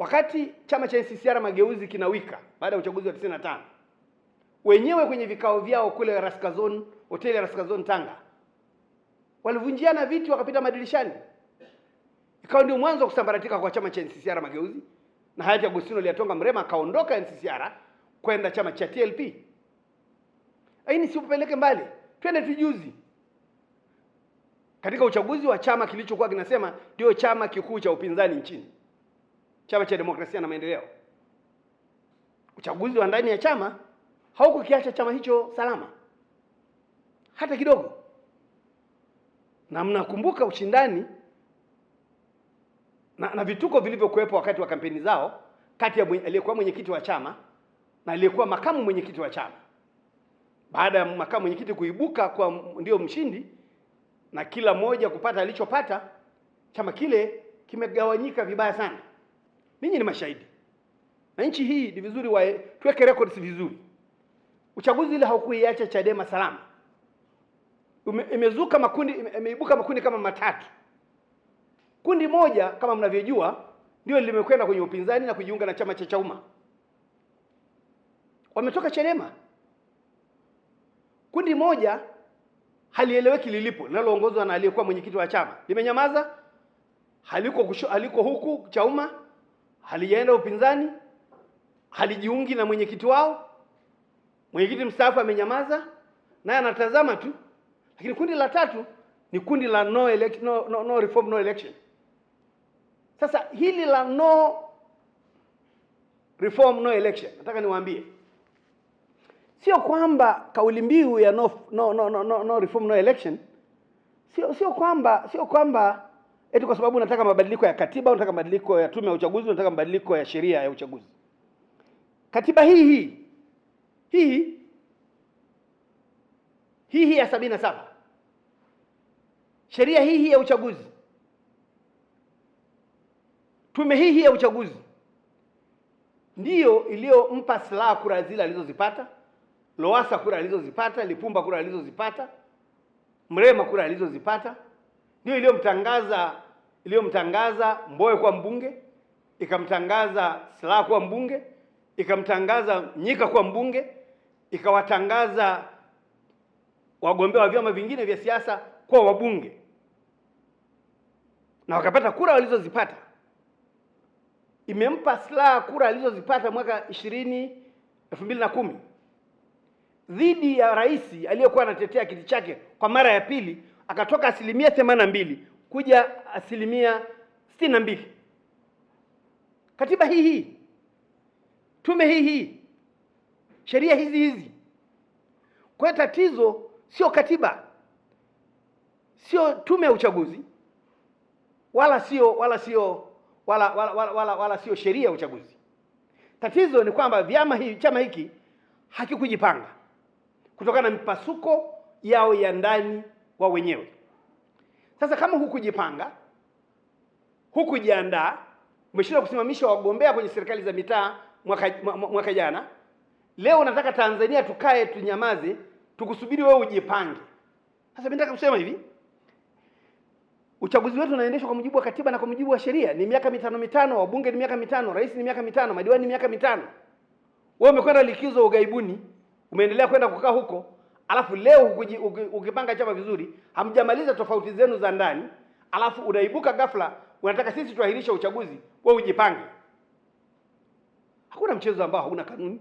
Wakati chama cha NCCR Mageuzi kinawika baada ya uchaguzi wa 95 wenyewe kwenye vikao vyao kule Zone, hoteli ya Raskazon Tanga, walivunjiana viti wakapita madirishani, ikawa ndio mwanzo wa kusambaratika kwa chama cha NCCR Mageuzi, na hayati Agustino Lyatonga Mrema akaondoka NCCR kwenda chama cha TLP. Aini siupeleke mbali, twende tujuzi katika uchaguzi wa chama kilichokuwa kinasema ndio chama kikuu cha upinzani nchini Chama cha Demokrasia na Maendeleo. Uchaguzi wa ndani ya chama haukukiacha chama hicho salama hata kidogo, na mnakumbuka ushindani na, na vituko vilivyokuwepo wakati wa kampeni zao kati ya aliyekuwa mwenyekiti wa chama na aliyekuwa makamu mwenyekiti wa chama, baada ya makamu mwenyekiti kuibuka kwa ndio mshindi na kila mmoja kupata alichopata, chama kile kimegawanyika vibaya sana. Ninyi ni mashahidi, na nchi hii ni vizuri wae, tuweke records vizuri. Uchaguzi ile haukuiacha Chadema salama. imezuka makundi, imeibuka makundi kama matatu. Kundi moja kama mnavyojua ndio limekwenda kwenye upinzani na kujiunga na chama cha Chauma, wametoka Chadema. Kundi moja halieleweki lilipo, linaloongozwa na aliyekuwa mwenyekiti wa chama limenyamaza, haliko haliko huku Chauma halijaenda upinzani, halijiungi na mwenyekiti wao. Mwenyekiti mstaafu amenyamaza, naye anatazama tu. Lakini kundi la tatu ni kundi la no elect, no, no, no reform no election. Sasa hili la no reform no election, nataka niwaambie, sio kwamba kauli mbiu ya no, no, no, no, no reform no election sio sio kwamba sio kwamba eti kwa sababu unataka mabadiliko ya katiba, unataka mabadiliko ya tume ya uchaguzi, unataka mabadiliko ya sheria ya uchaguzi. Katiba hii hii hii hii hii ya sabini na saba, sheria hii hii ya uchaguzi, tume hii hii ya uchaguzi ndiyo iliyompa silaha kura zile alizozipata Lowassa kura alizozipata, Lipumba kura alizozipata, Mrema kura alizozipata, ndio iliyomtangaza iliyomtangaza Mbowe kuwa mbunge, ikamtangaza Silaa kuwa mbunge, ikamtangaza nyika kuwa mbunge, ikawatangaza wagombea wa vyama vingine vya siasa kuwa wabunge na wakapata kura walizozipata. Imempa Silaa kura alizozipata mwaka ishirini elfu mbili na kumi dhidi ya rais aliyekuwa anatetea kiti chake kwa mara ya pili, akatoka asilimia themanini na mbili kuja asilimia sitini na mbili. Katiba hii hii, tume hii hii, sheria hizi hizi. Kwa hiyo tatizo sio katiba, sio tume ya uchaguzi, wala sio wala sio wala wala, wala, wala, wala sio sheria ya uchaguzi. Tatizo ni kwamba vyama hii chama hiki hakikujipanga kutokana na mipasuko yao ya ndani wa wenyewe. Sasa kama hukujipanga, hukujiandaa, umeshindwa kusimamisha wagombea kwenye serikali za mitaa mwaka, mwaka jana, leo unataka Tanzania tukae tunyamaze tukusubiri wewe ujipange. Sasa mimi nataka kusema hivi, uchaguzi wetu unaendeshwa kwa mujibu wa katiba na kwa mujibu wa sheria, ni miaka mitano mitano, wabunge ni miaka mitano, rais ni miaka mitano, madiwani ni miaka mitano. Wewe umekwenda likizo ugaibuni, umeendelea kwenda kukaa huko alafu leo ukipanga chama vizuri, hamjamaliza tofauti zenu za ndani, alafu unaibuka ghafla unataka sisi tuahirisha uchaguzi, wewe ujipange. Hakuna mchezo ambao hauna kanuni.